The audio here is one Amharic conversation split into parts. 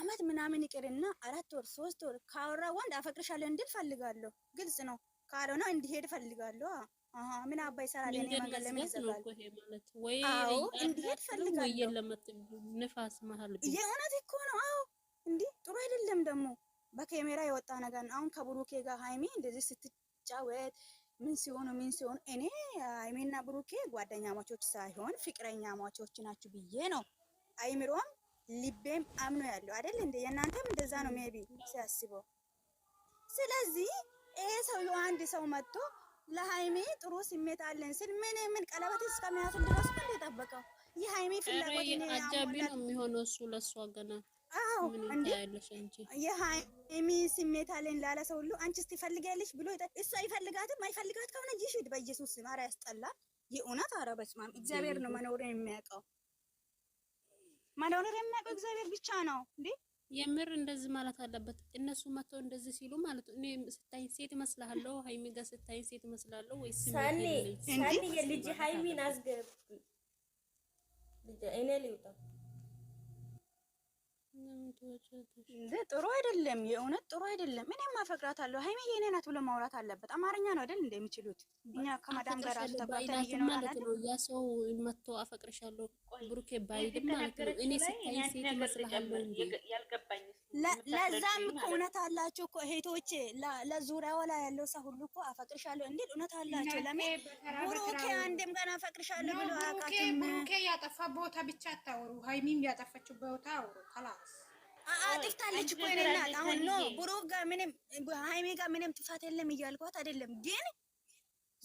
አመት ምናምን ይቅርና አራት ወር ሶስት ወር ካወራ ወንድ አፈቅርሻለሁ እንድል ፈልጋለሁ። ግልጽ ነው። ካልሆነ እንዲሄድ ፈልጋለሁ። አሀ ምን አባይ ሰራለ እኔ መንገድ ለምን ይዘጋል? አዎ እንዲሄድ ፈልጋለሁ። ንፋስ መሀል የእውነት እኮ ነው። አዎ እንዲ ጥሩ አይደለም። ደግሞ በካሜራ የወጣ ነገር ነው። አሁን ከብሩኬ ጋር ሃይሚ እንደዚህ ስትጫወት ምን ሲሆኑ ምን ሲሆኑ እኔ ሃይሚና ብሩኬ ጓደኛማቾች ሳይሆን ፍቅረኛማቾች ናችሁ ብዬ ነው አይምሮም ልቤም አምኖ ያለው አይደል እንዴ? የእናንተም እንደዛ ነው ሜቢ ሲያስበው። ስለዚህ ይሄ ሰው አንድ ሰው መጥቶ ለሃይሜ ጥሩ ስሜት አለን ስል ምን ምን ቀለበት እስከሚያስ ድረስ ምን ጠበቀው የሃይሜ ፍላጎት ነው። አጃቢ ነው የሚሆነው እሱ ለእሷ ገና አዎ እንዴ የሃይሚ ስሜት አለን ላለ ሰው ሁሉ አንቺስ ትፈልጊያለሽ ብሎ እሷ ይፈልጋትም አይፈልጋት ከሆነ ይሽድ በኢየሱስ ስም። ኧረ ያስጠላል የእውነት ኧረ በስመ አብ እግዚአብሔር ነው መኖሩን የሚያውቀው። ማዳውለት የሚያውቀው እግዚአብሔር ብቻ ነው እንዴ። የምር እንደዚህ ማለት አለበት። እነሱ መጥተው እንደዚህ ሲሉ ማለት እኔ ስታይ ሴት እመስላለሁ፣ ሀይሚ ጋር ስታይ ሴት እመስላለሁ ወይስ ሳኒ ሳኒ የልጅ ሀይሚን አስገብ እኔ ልውጣ ጥሩ አይደለም፣ የእውነት ጥሩ አይደለም። እኔም አፈቅራታለሁ ሀይሚ የኔ ናት ብሎ ማውራት አለበት። አማርኛ ነው አይደል እንደሚችሉት እኛ ከማዳም ጋር አልተጓተን ነው ማለት ነው። ያ ሰው መጥቶ አፈቅርሻለሁ ብሩኬ ባይድም ማለት ነው። እኔ ሲታይ ሴት ይመስልሃል ለዛም እውነት አላችሁ እኮ እህቶቼ፣ ለዙሪያው ላይ ያለው ሰው ሁሉ እኮ አፈቅርሻለሁ እንዴ እውነት አላችሁ። ለምን ብሩኬ አንድም ቀን አፈቅርሻለሁ ብሎ አያውቃትም። ብሩኬ ያጠፋ ቦታ ብቻ አታወሩ፣ ሃይሚም ያጠፋችው ቦታ አውሩ። ከላስ አጥፍታለች እኮ ይላል አሁን። ኖ ብሩክ ጋር ምንም ሃይሚ ጋር ምንም ጥፋት የለም እያልኳት አይደለም ግን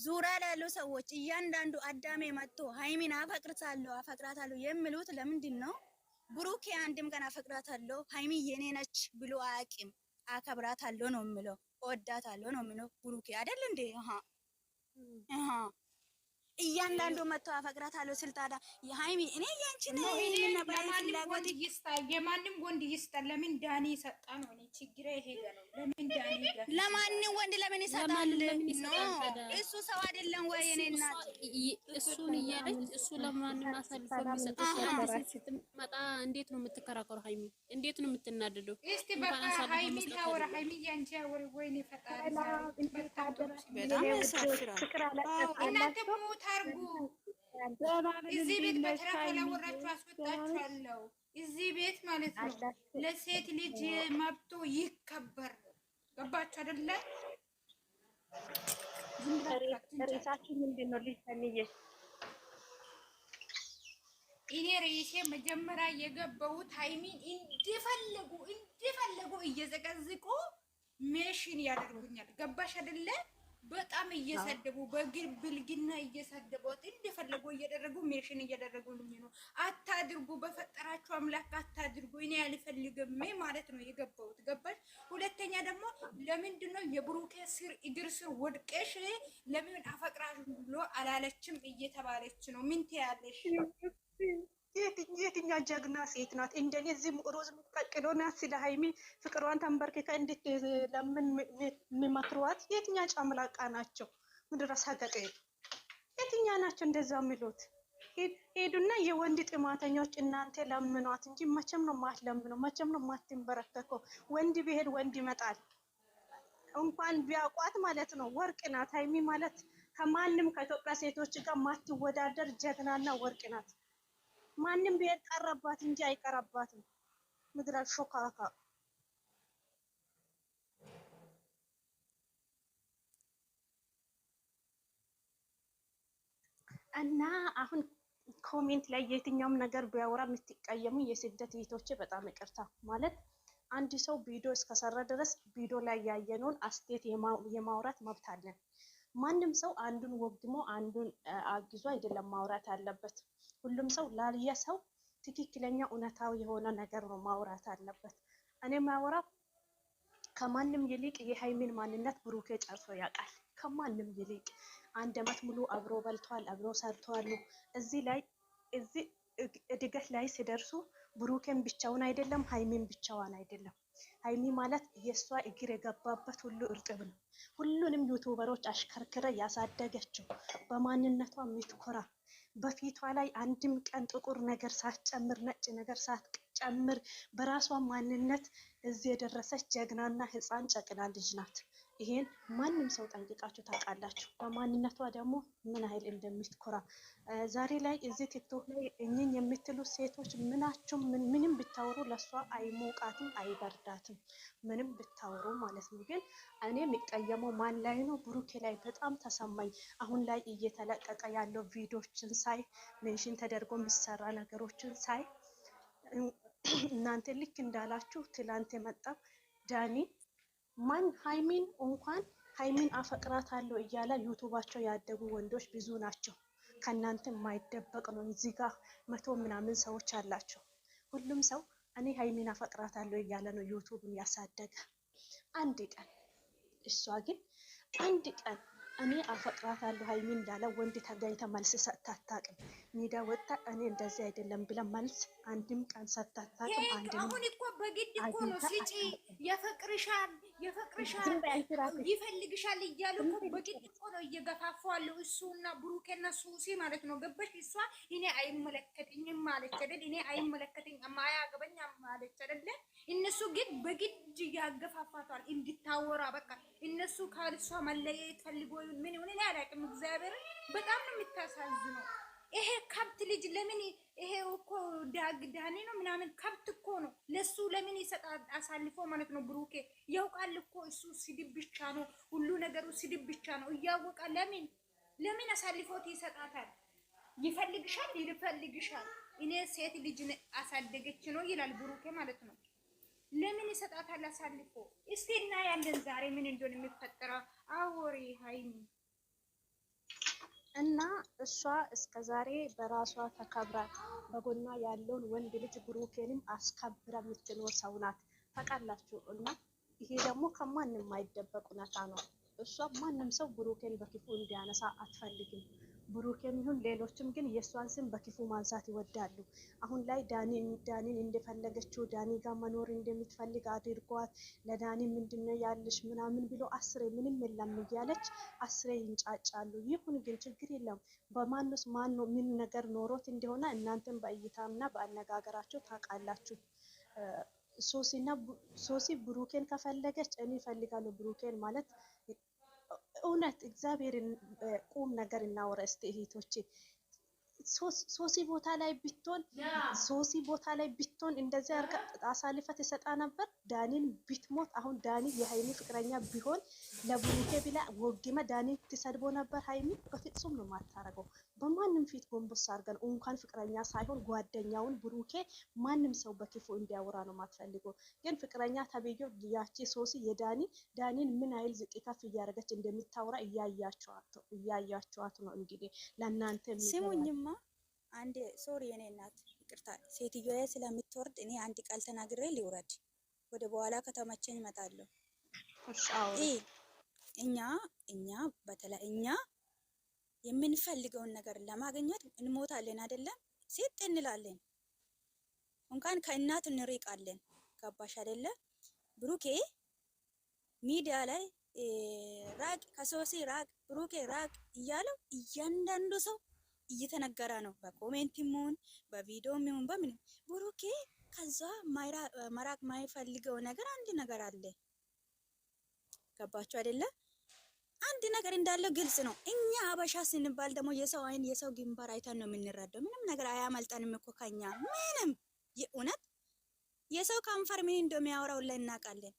ዙሪያ ላሉ ሰዎች እያንዳንዱ አዳሜ መጥቶ ሀይሚን አፈቅርታለሁ አፈቅራታለሁ የሚሉት ለምንድን ነው? ብሩኬ አንድም ቀን አፈቅራታለሁ ሀይሚ የኔ ነች ብሎ አያውቅም። አከብራታለሁ ነው የሚለው፣ እወዳታለሁ ነው የሚለው ብሩኬ አይደል እንዴ? እያንዳንዱ መጥቶ አፈቅራታለሁ ስል ታዲያ የሀይሚ እኔ ያንቺን ፍላጎት የማንም ወንድ ይስጣል። ለምን ዳኒ ሰጣ ነው? እኔ ችግር ይሄ ነው። ለምን ዳኒ ለማንም ወንድ ለምን ይሰጣል? እሱ ሰው አይደለም ወይ? እኔ እናት እሱን እያለች እሱ ለማንም አሳልፎ የሚሰጥ ስትመጣ እንዴት ነው የምትከራከሩ? ሀይሚ እንዴት ነው የምትናደደው? እስቲ በቃ ሀይሚ ታወራ። ሀይሚ ያንቺ ያወር ወይ? ፈጣሪ በጣም ያሳፍራል። እናንተ ቦታ አታርጉ። እዚህ ቤት በተራ ካላወራችሁ አስወጣችኋለሁ። እዚህ ቤት ማለት ነው ለሴት ልጅ መብቶ ይከበር። ገባችሁ አይደለ? ሬሳችሁ ምንድን ነው? ልጅ ተንዬ እኔ ሬሴ መጀመሪያ የገባሁት ሀይሚን እንዲፈልጉ እንዲፈለጉ እየዘቀዝቁ ሜሽን ያደርጉኛል። ገባሽ አይደለም በጣም እየሰደቡ በግር ብልግና እየሰደቧት እንደፈለጉ እየደረጉ ሜሽን እየደረጉ ልኝ ነው። አታድርጉ፣ በፈጠራችሁ አምላክ አታድርጉ። እኔ አልፈልግም ማለት ነው የገባሁት። ገባሽ? ሁለተኛ ደግሞ ለምንድን ነው የብሩኬ ስር እግር ስር ወድቀሽ ለምን አፈቅራሽ ብሎ አላለችም እየተባለች ነው። ምን ትያለሽ? የትኛ ጀግና ሴት ናት? እንደኔ እዚህ ሮዝ የምትፈቅደው ናት? ስለ ሃይሚ ፍቅሯን ተንበርክካ እንዴት ለምን የሚመክሯት የትኛ ጫምላቃ ናቸው? ምድረ ሰገጤ የትኛ ናቸው እንደዛ የሚሉት? ሄዱና የወንድ ጥማተኞች እናንተ ለምኗት እንጂ መቼም ነው ማትለምነው፣ መቼም ነው ማትንበረከከው። ወንድ ቢሄድ ወንድ ይመጣል። እንኳን ቢያውቋት ማለት ነው። ወርቅ ናት ሃይሚ ማለት ከማንም ከኢትዮጵያ ሴቶች ጋር ማትወዳደር ጀግናና ወርቅ ናት። ማንም ቤት ቀረባት እንጂ አይቀረባትም። ምድረ ሾካካ እና አሁን ኮሜንት ላይ የትኛውም ነገር ቢያወራ የምትቀየሙ የስደት ቤቶቼ በጣም ይቅርታ ማለት አንድ ሰው ቪዲዮ እስከሰራ ድረስ ቪዲዮ ላይ ያየነውን አስቴት የማውራት መብት አለን። ማንም ሰው አንዱን ወግሞ አንዱን አግዞ አይደለም ማውራት አለበት። ሁሉም ሰው ላልየ ሰው ትክክለኛ እውነታዊ የሆነ ነገር ነው ማውራት አለበት። እኔ ማውራት ከማንም ይልቅ የሀይሚን ማንነት ብሩኬ ጨርሶ ያውቃል። ከማንም ይልቅ አንድ አመት ሙሉ አብሮ በልቷል፣ አብሮ ሰርቷል። እዚህ ላይ እዚህ እድገት ላይ ሲደርሱ ብሩኬን ብቻውን አይደለም፣ ሃይሚን ብቻዋን አይደለም። ሀይሚ ማለት የእሷ እግር የገባበት ሁሉ እርጥብ ነው። ሁሉንም ዩቱበሮች አሽከርክረ ያሳደገችው በማንነቷ የምትኮራ በፊቷ ላይ አንድም ቀን ጥቁር ነገር ሳትጨምር ነጭ ነገር ሳትጨምር በራሷ ማንነት እዚህ የደረሰች ጀግናና ህፃን ጨቅላ ልጅ ናት። ይሄን ማንም ሰው ጠንቅቃችሁ ታውቃላችሁ። በማንነቷ ደግሞ ምን ያህል እንደምትኮራ ዛሬ ላይ እዚህ ቲክቶክ ላይ እኝን የምትሉ ሴቶች ምናችሁም ምንም ብታወሩ ለእሷ አይሞቃትም፣ አይበርዳትም። ምንም ብታወሩ ማለት ነው። ግን እኔ የሚቀየመው ማን ላይ ነው? ብሩኬ ላይ በጣም ተሰማኝ። አሁን ላይ እየተለቀቀ ያለው ቪዲዮችን ሳይ ሜንሽን ተደርጎ የሚሰራ ነገሮችን ሳይ እናንተ ልክ እንዳላችሁ ትላንት የመጣው ዳኒ ማን ሀይሚን እንኳን ሀይሚን አለው እያለ ዩቱባቸው ያደጉ ወንዶች ብዙ ናቸው። ከእናንተ የማይደበቅ ነው። እዚህ ጋር መቶ ምናምን ሰዎች አላቸው። ሁሉም ሰው እኔ ሀይሚን አለው እያለ ነው ዩቱብን ያሳደገ። አንድ ቀን እሷ ግን አንድ ቀን እኔ አፈቅራት አለው ሀይሚን እንዳለ ወንድ ተገኝተ መልስ ሰጥታታቅም። ሜዳ ወጥታ እኔ እንደዚህ አይደለም ብለ መልስ አንድም ቀን ሰጥታታቅም። አሁን እኮ በግድ እኮ ነው ስጪ የፈቅርሻል የፍቅርሻል ይፈልግሻል እያሉ እኮ በጭጭቆ ነው እየገፋፉ አለው። እሱና ብሩኬና ሱሲ ማለት ነው። ገበሽ እሷ እኔ አይመለከትኝም ማለች አይደል? እኔ አይመለከትኝ አያገበኝ ማለች አይደለ? እነሱ ግን በግድ ያገፋፋቷል እንድታወራ። በቃ እነሱ ካልሷ መለየት ፈልጎ ምን ሆነ እኔ አላውቅም። እግዚአብሔርን በጣም ነው የምታሳዝነው። ይሄ ከብት ልጅ ለምን ይሄው እኮ ዳግ ዳኔ ነው ምናምን ከብት እኮ ነው። ለሱ ለምን ይሰጣል አሳልፎ ማለት ነው። ብሩኬ ያውቃል እኮ እሱ ስድብ ብቻ ነው፣ ሁሉ ነገሩ ስድብ ብቻ ነው። እያወቀ ለምን ለምን አሳልፎት ይሰጣታል? ይፈልግሻል፣ ይፈልግሻል። እኔ ሴት ልጅ አሳደገች ነው ይላል ብሩኬ ማለት ነው። ለምን ይሰጣታል አሳልፎ? እስቲ ያለን ዛሬ ምን እንደሆነ የሚፈጠረው። አወሬ ሀይሚ እና እሷ እስከ ዛሬ በራሷ ተከብራ በጎኗ ያለውን ወንድ ልጅ ብሩኬንም አስከብራ የምትኖር ሰው ናት። ታውቃላችሁ። እና ይሄ ደግሞ ከማንም አይደበቅ እውነታ ነው። እሷ ማንም ሰው ብሩኬን በክፉ እንዲያነሳ አትፈልግም። ብሩኬም ይሁን ሌሎችም ግን የእሷን ስም በክፉ ማንሳት ይወዳሉ። አሁን ላይ ዳኒን እንደፈለገችው ዳኒ ጋር መኖር እንደምትፈልግ አድርጓት ለዳኒ ምንድነው ያለሽ ምናምን ብሎ አስሬ ምንም የለም እያለች አስሬ ይንጫጫሉ። ይሁን ግን ችግር የለም። በማንስ ማን ምን ነገር ኖሮት እንደሆነ እናንተም በእይታምና በአነጋገራቸው ታውቃላችሁ። ሶሲና ሶሲ ብሩኬን ከፈለገች እኔ እፈልጋለሁ ብሩኬን ማለት እውነት እግዚአብሔርን ቁም ነገር እናወራ እስቲ እህቶቼ። ሶሲ ቦታ ላይ ብትሆን ሶሲ ቦታ ላይ ብትሆን እንደዚህ አርጋ አሳልፋ ትሰጣ ነበር። ዳኒን ብትሞት አሁን ዳኒ የሃይሚ ፍቅረኛ ቢሆን ለቡሩኬ ብላ ወግማ ዳኒን ትሰድቦ ነበር። ሃይሚ በፍጹም ነው የማታረገው። በማንም ፊት ጎንበስ አድርገን እንኳን ፍቅረኛ ሳይሆን ጓደኛውን ብሩኬ ማንም ሰው በክፉ እንዲያወራ ነው የማትፈልገው። ግን ፍቅረኛ ተብዬው ያቺ ሶሲ የዳኒ ዳኒን ምን አይል ዝቅከፍ እያደረገች እንደምታወራ እያያቸዋት ነው። እንግዲህ ለእናንተ ስሙኝማ፣ አንድ ሶሪ፣ የኔ እናት ይቅርታ፣ ሴትዮዋ ስለምትወርድ እኔ አንድ ቃል ተናግሬ ሊውረድ ወደ በኋላ ከተመቸኝ እመጣለሁ። እኛ እኛ በተለይ እኛ የምንፈልገውን ነገር ለማግኘት እንሞታለን አይደለም? ሴት እንላለን፣ እንኳን ከእናት እንርቃለን። ገባሽ አይደለ? ብሩኬ ሚዲያ ላይ ራቅ፣ ከሶሲ ራቅ፣ ብሩኬ ራቅ እያለው እያንዳንዱ ሰው እየተነገረ ነው። በኮሜንትም ሆን በቪዲዮም ሆን በምን ብሩኬ ከዛ መራቅ ማይፈልገው ነገር አንድ ነገር አለ። ገባችሁ አይደለም? አንድ ነገር እንዳለው ግልጽ ነው። እኛ ሀበሻ ስንባል ደግሞ የሰው አይን የሰው ግንባር አይተን ነው የምንረዳው። ምንም ነገር አያመልጠንም እኮ ከኛ ምንም የእውነት የሰው ከንፈር ምን እንደሚያወራው ላይ እናውቃለን።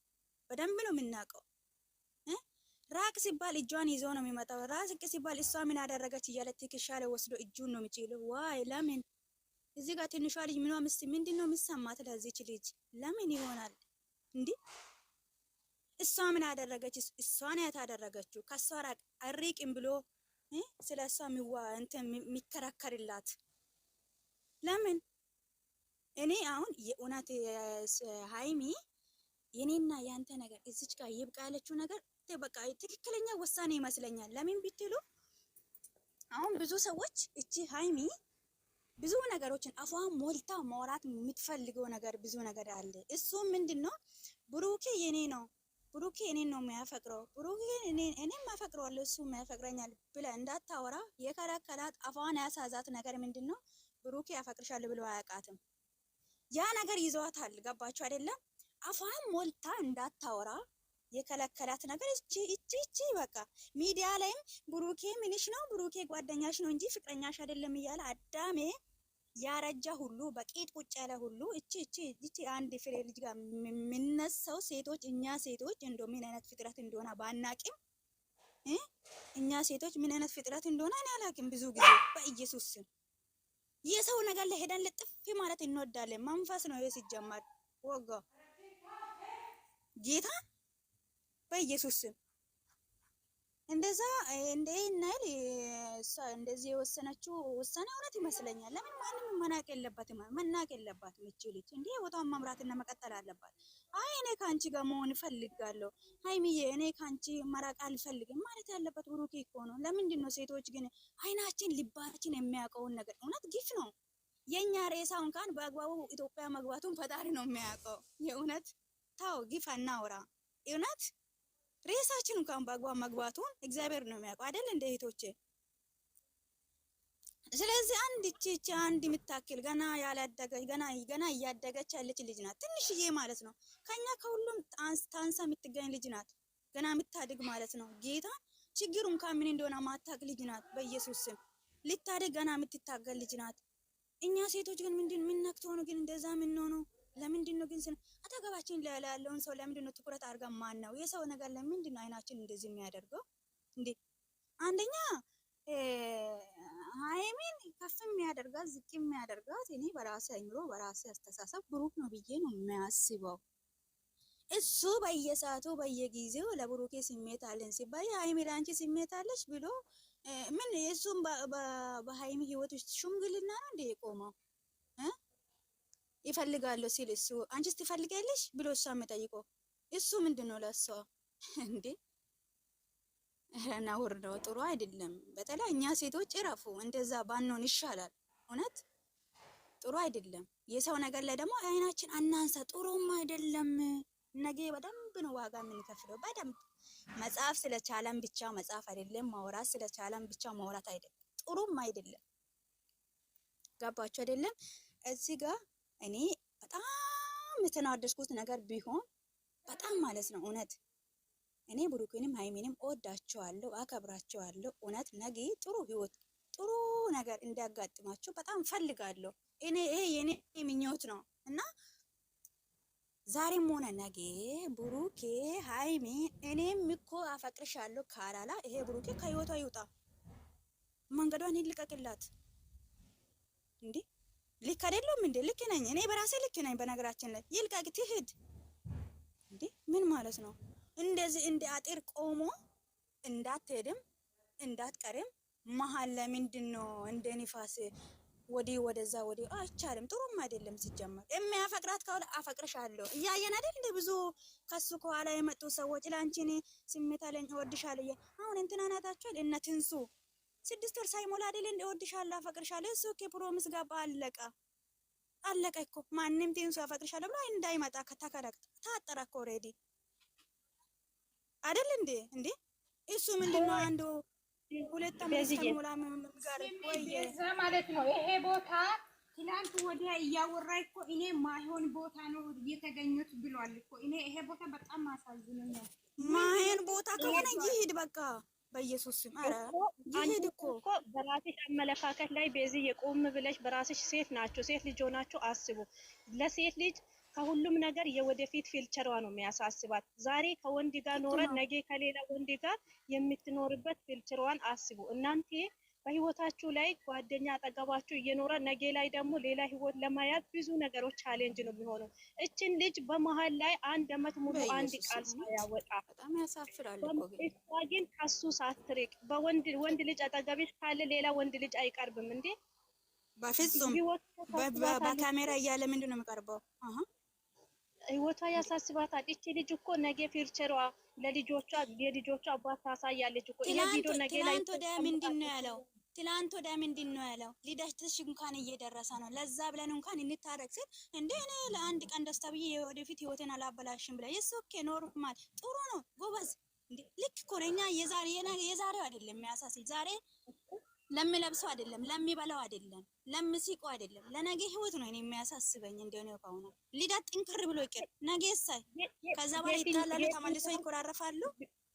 በደንብ ነው የምናውቀው። ራቅ ሲባል እጇን ይዞ ነው የሚመጣው። ራቅ ሲባል እሷ ምን አደረገች እያለ ትከሻ ላይ ወስዶ እጁን ነው የሚችል። ዋይ ለምን እዚህ ጋር ትንሿ ልጅ ምኗ ምስ ምንድን ነው የሚሰማት ለዚች ልጅ ለምን ይሆናል እንዲህ እሷ ምን አደረገች? እሷ ነው ያታደረገችው። ከሷ ራቅ አሪቅም ብሎ ስለ እሷ እንትን የሚከራከርላት ለምን? እኔ አሁን የእውነት ሀይሚ የኔና ያንተ ነገር እዚች ጋር ይብቃ ያለችው ነገር በቃ ትክክለኛ ውሳኔ ይመስለኛል። ለምን ቢትሉ አሁን ብዙ ሰዎች እቺ ሀይሚ ብዙ ነገሮችን አፏን ሞልታ ማውራት የምትፈልገው ነገር ብዙ ነገር አለ። እሱም ምንድን ነው ብሩኬ የኔ ነው ብሩኬ እኔን ነው የሚያፈቅረው፣ ብሩኬ እኔም አፈቅረዋለሁ እሱም የሚያፈቅረኛል ብለ እንዳታወራ የከለከላት አፏን ያሳዛት ነገር ምንድን ነው? ብሩኬ ያፈቅርሻል ብሎ አያውቃትም። ያ ነገር ይዘዋታል። ገባችሁ አይደለም? አፏን ሞልታ እንዳታወራ የከለከላት ነገር እቺ እቺ እቺ በቃ ሚዲያ ላይም ብሩኬ ምንሽ ነው ብሩኬ ጓደኛሽ ነው እንጂ ፍቅረኛሽ አይደለም እያለ አዳሜ ያረጀ ሁሉ በቂጥ ቁጭ ያለ ሁሉ እቺ እቺ እቺ አንድ ፍሬ ልጅ ጋር የምነሳው ሴቶች እኛ ሴቶች እንዶ ምን አይነት ፍጥረት እንደሆነ ባናቂም እኛ ሴቶች ምን አይነት ፍጥረት እንደሆነ እኔ አላውቅም። ብዙ ጊዜ በኢየሱስ ስም የሰው ነገር ላይ ሄደን ማለት እንወዳለን። መንፈስ ነው ይሄ ሲጀመር ወጋ ጌታ በኢየሱስ ስም እንደዛ እንደ ናይል እንደዚህ የወሰነችው ውሳኔ እውነት ይመስለኛል። ለምን ማንም መናቅ የለባትም መናቅ የለባት እቺ ልጅ እንደ ቦታውን እና መቀጠል አለባት። አይ እኔ ከአንቺ ጋር መሆን እፈልጋለሁ፣ ሀይሚዬ እኔ ከአንቺ መራቅ አልፈልግም ማለት ያለበት ብሩኬ እኮ ነው። ለምንድን ነው ሴቶች ግን አይናችን ልባችን የሚያውቀውን ነገር እውነት ግፍ ነው። የእኛ ሬሳውን ካን በአግባቡ ኢትዮጵያ መግባቱን ፈጣሪ ነው የሚያውቀው። የእውነት ታው ግፍ አናውራ እውነት ሬሳችን እንኳን በአግባብ መግባቱን እግዚአብሔር ነው የሚያውቀው አይደል? እንደ እህቶቼ ስለዚህ አንድ ቺቺ አንድ የምታክል ገና ያላደገች ገና ገና እያደገች ያለች ልጅ ናት። ትንሽዬ ማለት ነው። ከኛ ከሁሉም ታንሳ የምትገኝ ልጅ ናት። ገና የምታድግ ማለት ነው። ጌታ ችግሩ እንኳን ምን እንደሆነ ማታቅ ልጅ ናት። በኢየሱስ ስም ልታድግ ገና የምትታገል ልጅ ናት። እኛ ሴቶች ግን ምንድን ምን ነክቶ ነው ግን እንደዛ ምን ሆነው ለምንድን ነው ግን ስን አጠገባችን ላለውን ሰው ለምንድን ነው ትኩረት አድርገ ማን ነው የሰው ነገር ለምንድን ነው አይናችን እንደዚህ የሚያደርገው? እንዴ አንደኛ ሀይሚን ከፍም የሚያደርጋት ዝቅ የሚያደርጋት እኔ በራሴ አይምሮ በራሴ አስተሳሰብ ብሩክ ነው ብዬ ነው የሚያስበው። እሱ በየሰዓቱ በየጊዜው ለብሩኬ ስሜት አለን ሲባል ሀይሚ ለአንቺ ስሜት አለች ብሎ ምን የእሱም በሀይሚ ህይወት ውስጥ ሽምግልና ነው እንዴ የቆመው ይፈልጋለሁ ሲል እሱ አንቺስ ትፈልጊያለሽ ብሎ እሷ መጠይቆ እሱ ምንድን ነው ለሷ እንዴ? ረና ነው ጥሩ አይደለም። በተለይ እኛ ሴቶች እረፉ፣ እንደዛ ባንሆን ይሻላል። እውነት ጥሩ አይደለም። የሰው ነገር ላይ ደግሞ አይናችን አናንሳ፣ ጥሩም አይደለም። ነገ በደንብ ነው ዋጋ የምንከፍለው። በደንብ መጽሐፍ ስለቻለም ብቻ መጽሐፍ አይደለም፣ ማውራት ስለቻለም ብቻ ማውራት አይደለም፣ ጥሩም አይደለም። ገባችሁ አይደለም? እዚህ ጋር እኔ በጣም የተናደድኩት ነገር ቢሆን በጣም ማለት ነው እውነት እኔ ብሩክንም ሃይሚንም እወዳቸዋለሁ፣ አከብራቸዋለሁ። እውነት ነገ ጥሩ ህይወት ጥሩ ነገር እንዲያጋጥማቸው በጣም ፈልጋለሁ። እኔ ይሄ የኔ ምኞት ነው እና ዛሬም ሆነ ነገ ብሩኬ ሃይሚ እኔም እኮ አፈቅርሻለሁ ካላላ ይሄ ብሩኬ ከህይወቷ ይውጣ፣ መንገዷን ይልቀቅላት እንዴ። ልክ አይደለም እንዴ? ልክ ነኝ እኔ በራሴ ልክ ነኝ። በነገራችን ላይ ይልቃቅ ትሂድ እንዴ? ምን ማለት ነው? እንደዚህ እንደ አጥር ቆሞ እንዳትሄድም እንዳትቀርም መሀል ለምንድን ነው እንደ ንፋስ ወዲህ ወደዛ ወዲህ አይቻልም። ጥሩም አይደለም ሲጀመር። የሚያፈቅራት ከሆነ አፈቅርሻለሁ እያየን አይደል እንደ ብዙ ከሱ ከኋላ የመጡ ሰዎች ላንቺን ስሜት አለኝ እወድሻለሁ። አሁን እንትና ናታችኋል እነ ትንሱ ስድስት ወር ሳይሞላ አይደል እንደ እወድሻለሁ አፈቅርሻለሁ እሱ እኮ ፕሮሚስ ጋባ አለቀ አለቀ እኮ ማንም ቴንሱ አፈቅርሻለሁ ብሎ እንዳይመጣ ከተከረክ ታጠረ እኮ ኦልሬዲ አይደል እንዴ እንዴ እሱ ምንድነው አንዱ ሁለት አመት ሞላ ጋር ወይ ማለት ነው ይሄ ቦታ ትናንት ወዲያ እያወራ እኮ እኔ ማይሆን ቦታ ነው እየተገኙት ብሏል እኮ እኔ ይሄ ቦታ በጣም አሳዝነኛል ማይሆን ቦታ ከሆነ ይሄድ በቃ በኢየሱስ ስም ኧረ ይሄድ እኮ በራስሽ አመለካከት ላይ በዚህ የቆም ብለሽ በራስሽ ሴት ናችሁ፣ ሴት ልጅ ሆናችሁ አስቡ። ለሴት ልጅ ከሁሉም ነገር የወደፊት ፊልቸሯ ነው የሚያሳስባት። ዛሬ ከወንድ ጋር ኖረን ነገ ከሌላ ወንድ ጋር የምትኖርበት ፊልቸሯን አስቡ እናንተ በህይወታችሁ ላይ ጓደኛ አጠገባችሁ እየኖረ ነገ ላይ ደግሞ ሌላ ህይወት ለማያት ብዙ ነገሮች ቻሌንጅ ነው የሚሆነው። እችን ልጅ በመሀል ላይ አንድ አመት ሙሉ አንድ ቃል ሳያወጣ በጣም እሷ ግን ከሱ ሳትርቅ በወንድ ልጅ አጠገብሽ ካለ ሌላ ወንድ ልጅ አይቀርብም እንዴ? በፍጹም በካሜራ እያለ ምንድን ነው የሚቀርበው? ህይወቷ ያሳስባታል። ይቺ ልጅ እኮ ነገ ፊርቸሯ ለልጆቿ የልጆቿ አባት ታሳያለች እኮ የቪዲዮ ነገ ላይ ትላንት ወዲያ ምንድን ነው ያለው? ትላንት ወዲያ ምንድን ነው ያለው? ልደትሽ እንኳን እየደረሰ ነው፣ ለዛ ብለን እንኳን እንታረቅ ስል እንደ እኔ ለአንድ ቀን ደስታ ብዬ ወደፊት ህይወቴን አላበላሽም ብለ የስ ኦኬ ኖርማል፣ ጥሩ ነው ጎበዝ። ልክ ኮረኛ የዛሬ የዛሬው አይደለም የሚያሳስል ዛሬ ለሚለብሰው አይደለም ለሚበላው አይደለም ለምሲቆ አይደለም ለነገ ህይወት ነው እኔ የሚያሳስበኝ። እንደሆነ ነው ሊዳ ጥንክር ብሎ ይቀር ነገ ሳይ ከዛ በኋላ ይጣላሉ፣ ተመልሶ ይኮራረፋሉ።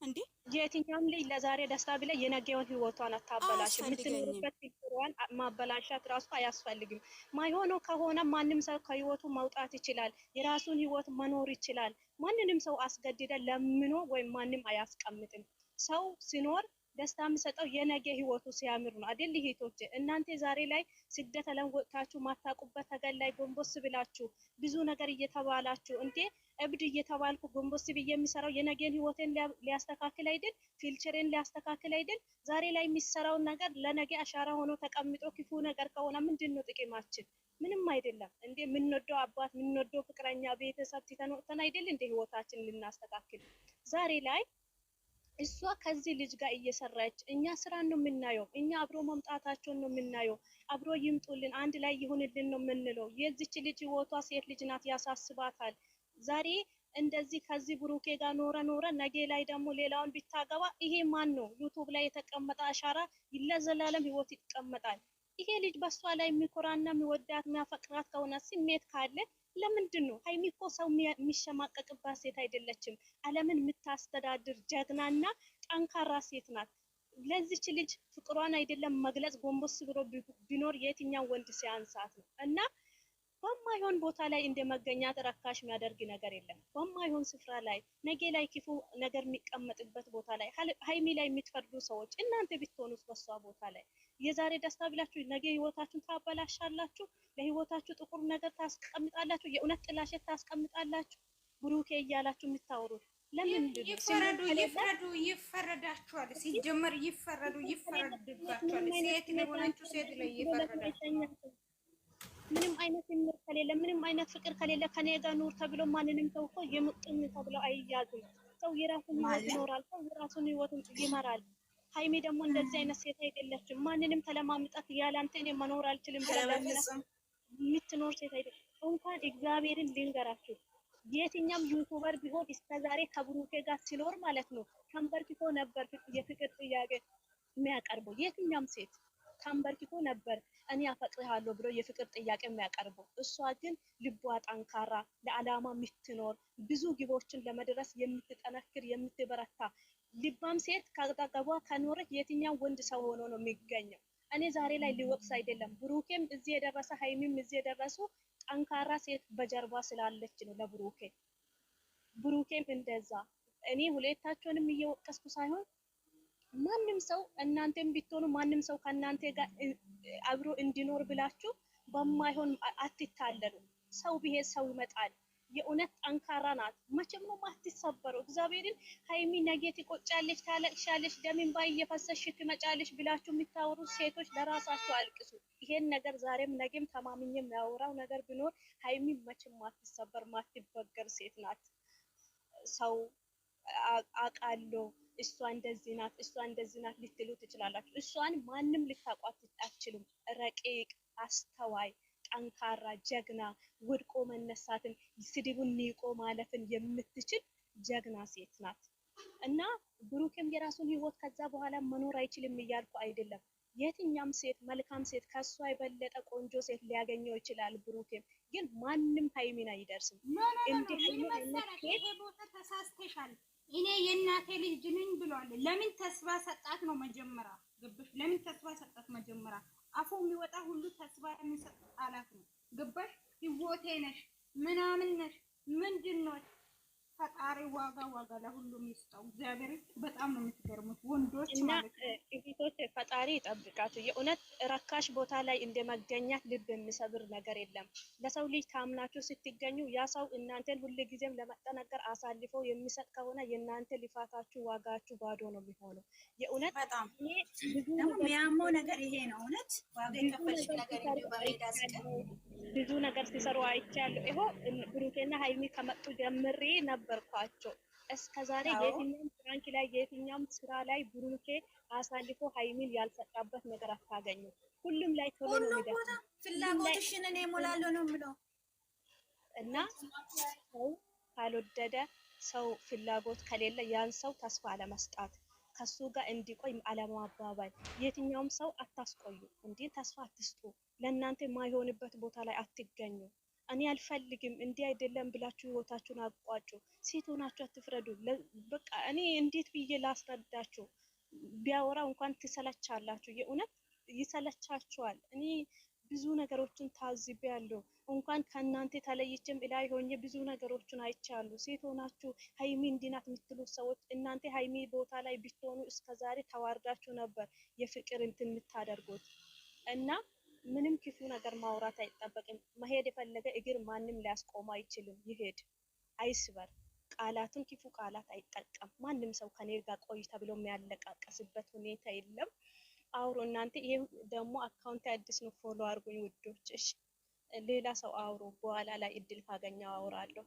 እንዴ የትኛውም ልጅ ለዛሬ ደስታ ብለ የነገውን ህይወቷን አታበላሽ። የምትኖርበት ህይወቷን ማበላሻት ራሱ አያስፈልግም። ማይሆነው ከሆነ ማንም ሰው ከህይወቱ መውጣት ይችላል። የራሱን ህይወት መኖር ይችላል። ማንንም ሰው አስገድደ ለምኖ ወይም ማንም አያስቀምጥም። ሰው ሲኖር ደስታ የምሰጠው የነገ ህይወቱ ሲያምር ነው አይደል? ይሄቶች እናንተ ዛሬ ላይ ስደት ተለወጣችሁ ማታቁበት ሀገር ላይ ጎንበስ ብላችሁ ብዙ ነገር እየተባላችሁ እንዴ እብድ እየተባልኩ ጎንቦስ ብዬ የሚሰራው የነገን ህይወቴን ሊያስተካክል አይደል? ፊልቸሬን ሊያስተካክል አይደል? ዛሬ ላይ የሚሰራውን ነገር ለነገ አሻራ ሆኖ ተቀምጦ ክፉ ነገር ከሆነ ምንድን ነው ጥቅማችን? ምንም አይደለም እንዴ። የምንወደው አባት፣ የምንወደው ፍቅረኛ፣ ቤተሰብ ትተን አይደል እንዴ ህይወታችን ልናስተካክል ዛሬ ላይ እሷ ከዚህ ልጅ ጋር እየሰራች እኛ ስራን ነው የምናየው። እኛ አብሮ መምጣታቸውን ነው የምናየው። አብሮ ይምጡልን፣ አንድ ላይ ይሁንልን ነው የምንለው። የዚች ልጅ ህይወቷ ሴት ልጅ ናት፣ ያሳስባታል። ዛሬ እንደዚህ ከዚህ ብሩኬ ጋር ኖረ ኖረ፣ ነገ ላይ ደግሞ ሌላውን ቢታገባ ይሄ ማን ነው? ዩቱብ ላይ የተቀመጠ አሻራ ይለዘላለም ህይወት ይቀመጣል። ይሄ ልጅ በሷ ላይ የሚኮራና የሚወዳት የሚያፈቅራት ከሆነ ስሜት ካለ ለምንድን ነው ሀይሚ እኮ ሰው የሚሸማቀቅባት ሴት አይደለችም። ዓለምን የምታስተዳድር ጀግናና ጠንካራ ሴት ናት። ለዚች ልጅ ፍቅሯን አይደለም መግለጽ ጎንበስ ብሎ ቢኖር የትኛው ወንድ ሲያንሳት ነው? እና በማይሆን ቦታ ላይ እንደ መገኛት የሚያደርግ ነገር የለም። በማይሆን ስፍራ ላይ ነገ ላይ ክፉ ነገር የሚቀመጥበት ቦታ ላይ ሀይሚ ላይ የምትፈርዱ ሰዎች እናንተ ብትሆኑት በሷ ቦታ ላይ የዛሬ ደስታ ብላችሁ ነገ ህይወታችሁን ታበላሻላችሁ። ለህይወታችሁ ጥቁር ነገር ታስቀምጣላችሁ። የእውነት ጥላሸት ታስቀምጣላችሁ። ብሩኬ እያላችሁ የምታወሩት ለምንድን ይፈረዱ ይፈረዳችኋል። ሲጀመር ይፈረዱ ይፈረድባችኋል። ሴት ሴት ላይ ይፈረዳችኋል። ምንም አይነት ምር ከሌለ ምንም አይነት ፍቅር ከሌለ ከኔ ጋር ኑር ተብሎ ማንንም ሰው እኮ የምቅም ተብሎ አይያዙም። ሰው የራሱን ህይወት ይኖራል። ሰው የራሱን ህይወት ይመራል። ሀይሜ ደግሞ እንደዚህ አይነት ሴት አይደለችም። ማንንም ተለማምጣት ያላንተ እኔ መኖር አልችልም የምትኖር ሴት አይደለች። እንኳን እግዚአብሔርን ልንገራችሁ የትኛም ዩቱበር ቢሆን ዛሬ ከብሩኬ ጋር ሲኖር ማለት ነው ተንበርክኮ ነበር የፍቅር ጥያቄ የሚያቀርበው የትኛም ሴት ተንበርክኮ ነበር እኔ አፈቅርሃለሁ ብሎ የፍቅር ጥያቄ የሚያቀርበው። እሷ ግን ልቧ ጠንካራ፣ ለዓላማ የምትኖር ብዙ ግቦችን ለመድረስ የምትጠነክር የምትበረታ ልባም ሴት ካጠገቧ ከኖረች የትኛው ወንድ ሰው ሆኖ ነው የሚገኘው? እኔ ዛሬ ላይ ሊወቅስ አይደለም። ብሩኬም እዚህ የደረሰ ሀይሚም እዚህ የደረሱ ጠንካራ ሴት በጀርባ ስላለች ነው ለብሩኬ። ብሩኬም እንደዛ እኔ ሁለታቸውንም እየወቀስኩ ሳይሆን ማንም ሰው እናንተም ብትሆኑ ማንም ሰው ከእናንተ ጋር አብሮ እንዲኖር ብላችሁ በማይሆን አትታለሉ። ሰው ብሄድ ሰው ይመጣል። የእውነት ጠንካራ ናት። መቼም ነው ማትሰበረው። እግዚአብሔርን ሀይሚ ነገ ትቆጫለች ታለቅሻለች፣ ደም ባይ እየፈሰሽ ትመጫለች ብላችሁ የሚታወሩ ሴቶች ለራሳችሁ አልቅሱ። ይሄን ነገር ዛሬም ነገም ተማምኜ የሚያወራው ነገር ቢኖር ሀይሚ መቼም ማትሰበር ማትበገር ሴት ናት። ሰው አውቃለሁ እሷ እንደዚህ ናት፣ እሷ እንደዚህ ናት ልትሉ ትችላላችሁ። እሷን ማንም ልታቋት አትችሉም። ረቂቅ አስተዋይ ጠንካራ ጀግና ወድቆ መነሳትን ስድቡን ንቆ ማለፍን የምትችል ጀግና ሴት ናት እና ብሩክም የራሱን ህይወት ከዛ በኋላ መኖር አይችልም እያልኩ አይደለም። የትኛም ሴት መልካም ሴት ከእሷ የበለጠ ቆንጆ ሴት ሊያገኘው ይችላል። ብሩክም ግን ማንም ሃይሚን አይደርስም። እንዲህ ይሄ ቦታ ተሳስተሻል፣ እኔ የእናቴ ልጅ ነኝ ብሏል። ለምን ተስፋ ሰጣት ነው መጀመሪያ ግብሽ? ለምን ተስፋ ሰጣት መጀመሪያ አፉ የሚወጣ ሁሉ ተስፋ የሚሰጥ ቃላት ነው። ግባሽ ህይወቴ ነሽ ምናምን ነሽ ምንድን ነሽ ፈጣሪ ዋጋ ዋጋ ለሁሉም ይስጠው። እግዚአብሔር በጣም ነው የምትገርሙት ወንዶች ማለት እህቶች፣ ፈጣሪ ይጠብቃት። የእውነት ረካሽ ቦታ ላይ እንደ መገኘት ልብ የሚሰብር ነገር የለም። ለሰው ልጅ ታምናችሁ ስትገኙ ያ ሰው እናንተን ሁልጊዜም ጊዜም ለመጠናቀር አሳልፎ የሚሰጥ ከሆነ የእናንተ ልፋታችሁ ዋጋችሁ ባዶ ነው የሚሆነው። የእውነት በጣም ነገር ይሄ ነው። እውነት ብዙ ነገር ሲሰሩ አይቻለሁ። ይሆ ብሩኬና ሀይሚ ከመጡ ጀምሬ ነበር ነበርኳቸው። እስከዛሬ የትኛውም ፍራንክ ላይ የትኛውም ስራ ላይ ብሩኬ አሳልፎ ሀይሚን ያልሰጣበት ነገር አታገኝም። ሁሉም ላይ ቶሎ ነው የሚደርሰው። ፍላጎትሽን እኔ እሞላለሁ ነው የምለው እና ሰው ካልወደደ ሰው ፍላጎት ከሌለ ያን ሰው ተስፋ አለመስጣት ከሱ ጋር እንዲቆይ አለማባባል። የትኛውም ሰው አታስቆዩ እንዲህ ተስፋ አትስጡ። ለእናንተ የማይሆንበት ቦታ ላይ አትገኙ። እኔ አልፈልግም እንዲህ አይደለም ብላችሁ ህይወታችሁን አቋጩ። ሴት ሆናችሁ አትፍረዱ። በቃ እኔ እንዴት ብዬ ላስረዳችሁ? ቢያወራ እንኳን ትሰለቻላችሁ። የእውነት ይሰለቻችኋል። እኔ ብዙ ነገሮችን ታዝቤያለሁ። እንኳን ከእናንተ ተለይቼም እላይ ሆኜ ብዙ ነገሮችን አይቻሉ። ሴት ሆናችሁ ሀይሚ እንዲናት የምትሉ ሰዎች እናንተ ሀይሚ ቦታ ላይ ብትሆኑ እስከዛሬ ተዋርዳችሁ ነበር የፍቅር እንትን የምታደርጉት እና ምንም ክፉ ነገር ማውራት አይጠበቅም። መሄድ የፈለገ እግር ማንም ሊያስቆም አይችልም። ይሄድ፣ አይስበር፣ ቃላትን ክፉ ቃላት አይጠቀም። ማንም ሰው ከኔ ጋር ቆይ ተብሎ የሚያለቃቀስበት ሁኔታ የለም። አውሮ እናንተ። ይሄ ደግሞ አካውንት አዲስ ነው፣ ፎሎ አድርጉኝ ውዶች። እሺ፣ ሌላ ሰው አውሮ በኋላ ላይ እድል ካገኘው አውራለሁ።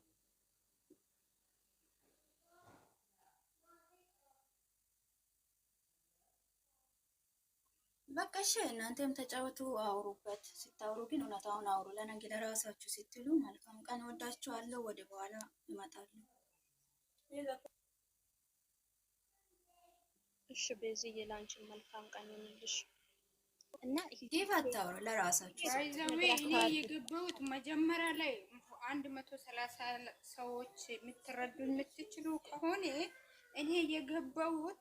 በቃ እሺ፣ እናንተም ተጫወቱ፣ አውሩበት። ስታውሩ ግን እውነታውን አውሩ፣ ለነገ ለራሳችሁ ስትሉ። መልካም ቀን፣ ወዳችኋለሁ። ወደ በኋላ ይመጣሉ። እሺ በዚህ የላንች መልካም ቀን ይሁንልሽ እና ይሄ አታውሩ፣ ለራሳችሁ አይዘው። እኔ የገባሁት መጀመሪያ ላይ አንድ መቶ ሰላሳ ሰዎች የምትረዱ የምትችሉ ከሆነ እኔ የገባሁት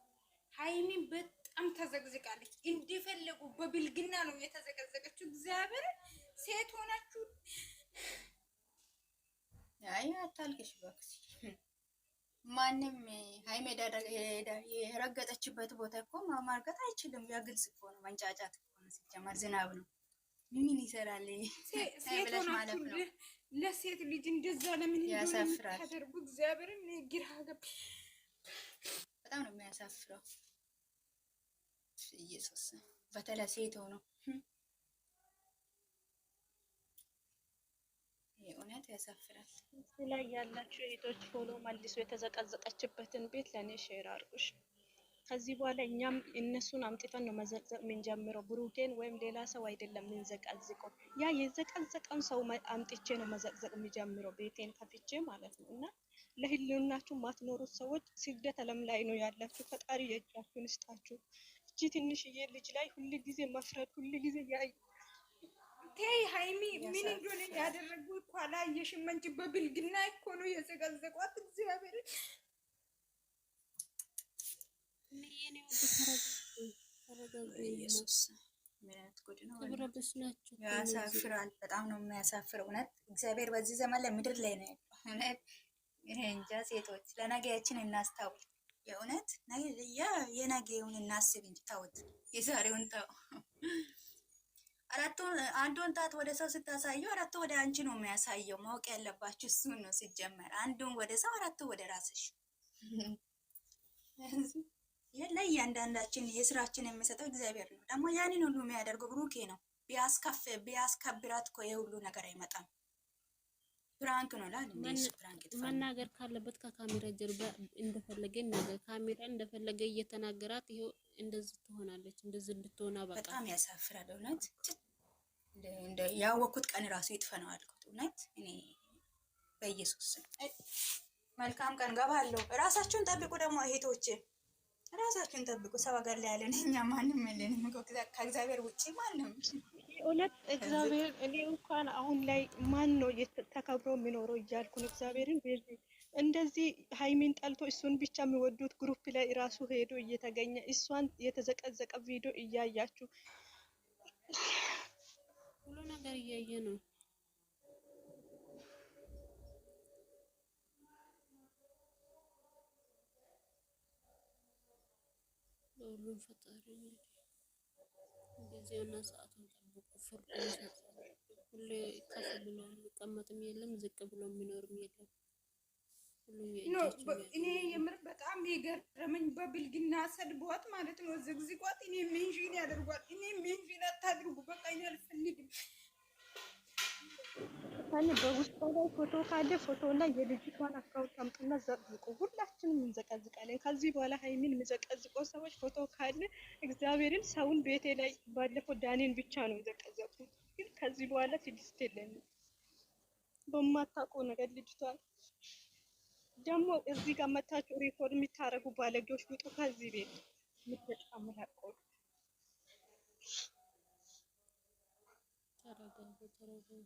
ሀይሚ በት በጣም ተዘግዝቃለች። እንደፈለጉ በብልግና ነው የተዘገዘገችው። እግዚአብሔር ሴት ሆናችሁ አይ አታልቅሽ እባክሽ። ማንም ሃይሜ የረገጠችበት ቦታ እኮ ማርገጥ አይችልም። ያ ግልጽ እኮ ነው። መንጫጫት እኮ ነው። ሲጀመር ዝናብ ነው። ምን ይሰራል? ብለሽ ማለት ነው። ለሴት ልጅ እንደዛ ለምን ያሳፍራል? ተደርጉ እግዚአብሔርን ግራ ገብ በጣም ነው የሚያሳፍረው። ኢየሱስ በተለይ ሴት ሆኖ የእውነት ያሳፍራል። እዚህ ላይ ያላችሁ እህቶች ፎሎ መልሶ የተዘቀዘቀችበትን ቤት ለእኔ ሼር አርቁሽ። ከዚህ በኋላ እኛም እነሱን አምጥተን ነው መዘቅዘቅ የምንጀምረው። ብሩኬን ወይም ሌላ ሰው አይደለም የምንዘቀዝቀው። ያ የዘቀዘቀን ሰው አምጥቼ ነው መዘቅዘቅ የሚጀምረው ቤቴን ከፍቼ ማለት ነው። እና ለህልውናችሁ ማትኖሩት ሰዎች ስደት አለም ላይ ነው ያላችሁ። ፈጣሪ የእጃችሁን ይስጣችሁ። እቺ ትንሽዬ ልጅ ላይ ሁሉ ጊዜ መፍረድ ሁሉ ጊዜ ያይ ቴይ ሃይሚ ምን እንደሆነ ያደረጉ እኮ አላየሽም እንጂ በብልግና እኮ ነው የዘጋዘቋት። እግዚአብሔር ያሳፍራል። በጣም ነው የሚያሳፍረው እውነት እግዚአብሔር በዚህ ዘመን ላይ ምድር ላይ ነው ያለው። እውነት እንጃ። ሴቶች ለነገያችን እናስታውል። የእውነት የነገውን እናስብ እንጂ ታወት የዛሬውን ታው አራቱን አንዱን ጣት ወደ ሰው ስታሳዩ አራቱ ወደ አንቺ ነው የሚያሳየው። ማወቅ ያለባችሁ እሱን ነው። ሲጀመር አንዱን ወደ ሰው አራቱ ወደ ራስሽ የለ የስራችን የሚሰጠው እግዚአብሔር ነው። ደግሞ ያንን ሁሉ የሚያደርገው ብሩኬ ነው። ቢያስከፍ ቢያስከብራት እኮ የሁሉ ነገር አይመጣም። ፕራንክ ነው ላል መናገር ካለበት ከካሜራ ጀርባ እንደፈለገ ይናገር። ካሜራ እንደፈለገ እየተናገራት ይሄው እንደዚህ ትሆናለች። እንደዚህ እንድትሆን በቃ በጣም ያሳፍራል። እውነት ያወቅኩት ቀን ራሱ ይጥፈነው አልኩት። እውነት እኔ በኢየሱስ መልካም ቀን ገባለሁ። ራሳችሁን ጠብቁ ደግሞ እህቶቼ፣ ራሳችሁን ጠብቁ። ሰው ሀገር ላይ ያለን እኛ ማንም የለንም ከእግዚአብሔር ውጭ ማንም እውነት እግዚአብሔር እኔ እንኳን አሁን ላይ ማን ነው ተከብሮ የሚኖረው እያልኩን እግዚአብሔርን እንደዚህ ሀይሚን ጠልቶ እሱን ብቻ የሚወዱት ግሩፕ ላይ ራሱ ሄዶ እየተገኘ እሷን የተዘቀዘቀ ቪዲዮ እያያችሁ ሁሉ ነገር እያየ ነው። ሁሉም ፈጣሪ ሰዓት ፍርድ ሁሌ ከፍ ብሎ የሚቀመጥም የለም፣ ዝቅ ብሎ የሚኖርም የለም። እኔ የምር በጣም የገረመኝ በብልግና ሰድቧት ማለት ነው፣ ዝግዝቋት። እኔ ሜንሽን ያደርጓል። እኔ ሜንሽን አታድርጉ፣ በቃ እኔ አልፈልግም። ለምሳሌ በውስጥ ላይ ፎቶ ካለ ፎቶ ላይ የልጅቷን አካውንት አምጡና ዘቅዝቁ። ሁላችንም እንዘቀዝቃለን። ከዚህ በኋላ ሀይሚን የምዘቀዝቀው ሰዎች ፎቶ ካለ እግዚአብሔርን ሰውን ቤቴ ላይ ባለፈው ዳኔን ብቻ ነው የዘቀዘቁት። ግን ከዚህ በኋላ ትዕግስት የለንም። በማታውቀው ነገር ልጅቷን ደግሞ እዚህ ጋር መታችሁ ሪኮርድ የሚታረጉ ባለጌዎች ውጡ ከዚህ ቤት የምትጫምላቀው ተረጋጉ፣ ተረጋጉ።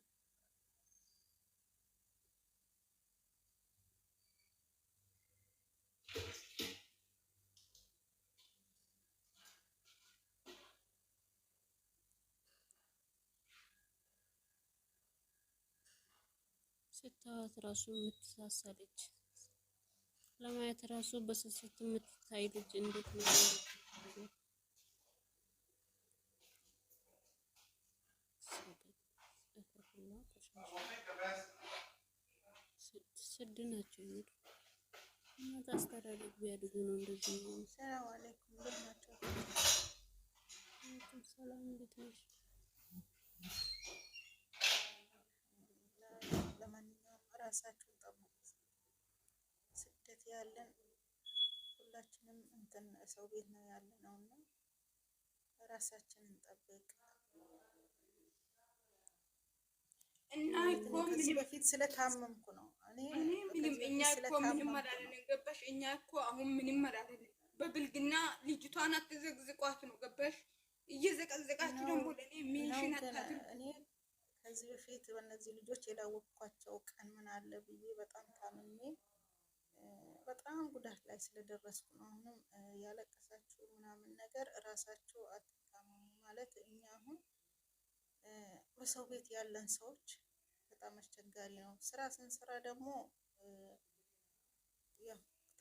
ስታዋት ራሱ ልጅ ለማየት ራሱ በስስት የምትታይ ልጅ እንዴት ነው? ስድ ናቸው የሚሉ እናት አስተዳደግ ቢያድጉ ነው እንደዚህ ነው። ሰላም አለይኩም ሰላም እንዴት ነሽ? ራሳችሁን ጠብቁ። ስደት ያለን ሁላችንም እንትን ሰው ቤት ነው ያለ ነው እና ራሳችንን ጠብቅ እና በፊት ስለታመምኩ ነው እኔ ምንም እኛ እኮ ምንም ገባሽ? እኛ እኮ አሁን ምንም በብልግና ልጅቷን አትዘግዝቋት ነው ገባሽ? እየዘቀዘቃችሁ ደግሞ ለእኔ ሜንሽን አታድርጉ። ከዚህ በፊት እነዚህ ልጆች የላወቅኳቸው ቀን ምን አለ ብዬ በጣም ታምሜ በጣም ጉዳት ላይ ስለደረስኩ ነው። አሁንም ያለቀሳችሁ ምናምን ነገር እራሳችሁ አትታመሙ ማለት እኛ አሁን በሰው ቤት ያለን ሰዎች በጣም አስቸጋሪ ነው። ስራ ስንሰራ ደግሞ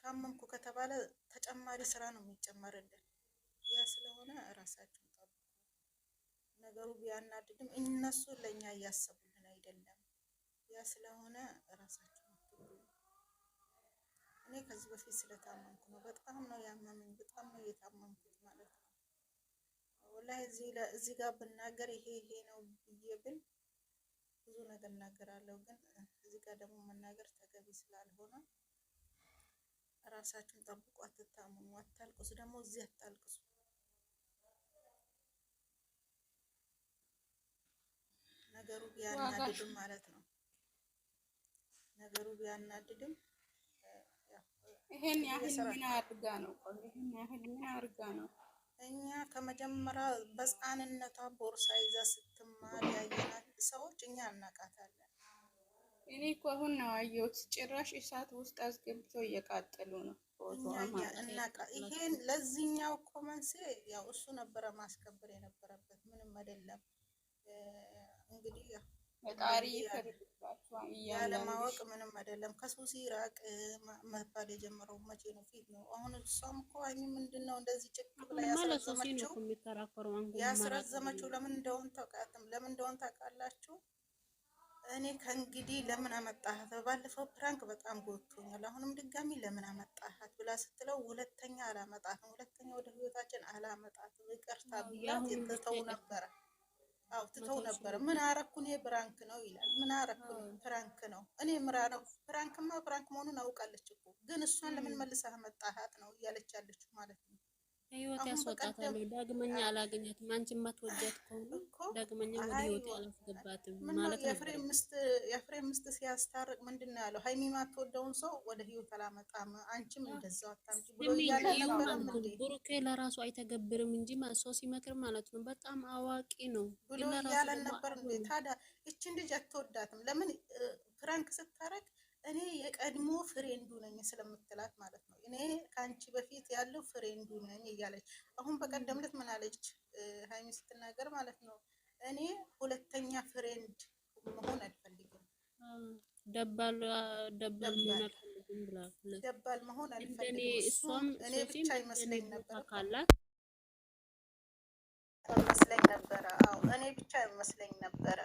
ታመምኩ ከተባለ ተጨማሪ ስራ ነው የሚጨመርልን። ያ ስለሆነ እራሳችሁ ነገሩ ቢያናድድም እነሱ ለእኛ እያሰቡልን አይደለም። ያ ስለሆነ እራሳቸው እኔ ከዚህ በፊት ስለታመምኩ ነው። በጣም ነው ያመመኝ፣ በጣም ነው የታመምኩት ማለት ነው። ወላሂ እዚህ ጋር ብናገር ይሄ ይሄ ነው ብዬ ብል ብዙ ነገር እናገራለሁ፣ ግን እዚህ ጋር ደግሞ መናገር ተገቢ ስላልሆነ እራሳችሁን ጠብቁ። አትታመሙ፣ አታልቅሱ። ደግሞ እዚህ አታልቅሱ። ነገሩ ቢያናድድም ማለት ነው። ነገሩ ቢያናድድም ይሄን ያህል ምን አድርጋ ነው? ይሄን ያህል ምን አድርጋ ነው? እኛ ከመጀመሪያ በሕፃንነቷ ቦርሳ ይዛ ስትማር ያየናት ሰዎች እኛ እናቃታለን። እኔ እኮ አሁን ነው አየሁት። ጭራሽ እሳት ውስጥ አስገብተው እየቃጠሉ ነው። ይሄን ለዚህኛው እኮ መንስኤ ያው እሱ ነበረ ማስከበር የነበረበት ምንም አይደለም። እንግዲህ ፈጣሪ ያለማወቅ ምንም አይደለም። ከሱሲ ራቅ መባል የጀመረው መቼ ነው? ፊት ነው። አሁን እሷም እኮ አኝ ምንድን ነው እንደዚህ ጭቅ ብላ ያስረዘመችው ያስረዘመችው ለምን እንደሆን ታውቃትም ለምን እንደሆን ታውቃላችሁ? እኔ ከእንግዲህ ለምን አመጣሃት፣ በባለፈው ፕራንክ በጣም ጎድቶኛል፣ አሁንም ድጋሚ ለምን አመጣሃት ብላ ስትለው ሁለተኛ አላመጣትም፣ ሁለተኛ ወደ ህይወታችን አላመጣትም ይቅርታ ብያት የተተው ነበረ። አው ትተው ነበር። ምን አረኩ እኔ ብራንክ ነው ይላል። ምን አረኩ ፍራንክ ነው እኔ ምራ ነው ፍራንክማ ፍራንክ መሆኑን አውቃለች እኮ ግን እሷን ለምን መልሰህ መጣሃት ነው እያለች ያለችው ማለት ነው። ህይወት ያስወጣታል። ዳግመኛ አላገኛትም። አንቺ የማትወጃት ከሆነ ዳግመኛ ወደ ህይወት አላስገባትም ማለት ነው። የፍሬም ምስት ሲያስታርቅ ምንድን ነው ያለው? ሀይሚ የማትወደውን ሰው ወደ ህይወት አላመጣም፣ አንቺም እንደዛው አታምጪ ብሎ ብሩኬ ለራሱ አይተገብርም እንጂ ሰው ሲመክር ማለት ነው በጣም አዋቂ ነው ብሎ ያለን ነበር። ታዲያ እችን ልጅ አትወዳትም። ለምን ፍራንክ ስታረቅ እኔ የቀድሞ ፍሬንዱ ነኝ ስለምትላት ማለት ነው። እኔ ከአንቺ በፊት ያለው ፍሬንዱ ነኝ እያለች አሁን በቀደም ዕለት ምን አለች ሀይሚ ስትናገር ማለት ነው። እኔ ሁለተኛ ፍሬንድ መሆን አልፈልግም፣ ደባል መሆን አልፈልግም። እኔ ብቻ ይመስለኝ ነበር ይመስለኝ ነበረ። እኔ ብቻ ይመስለኝ ነበረ።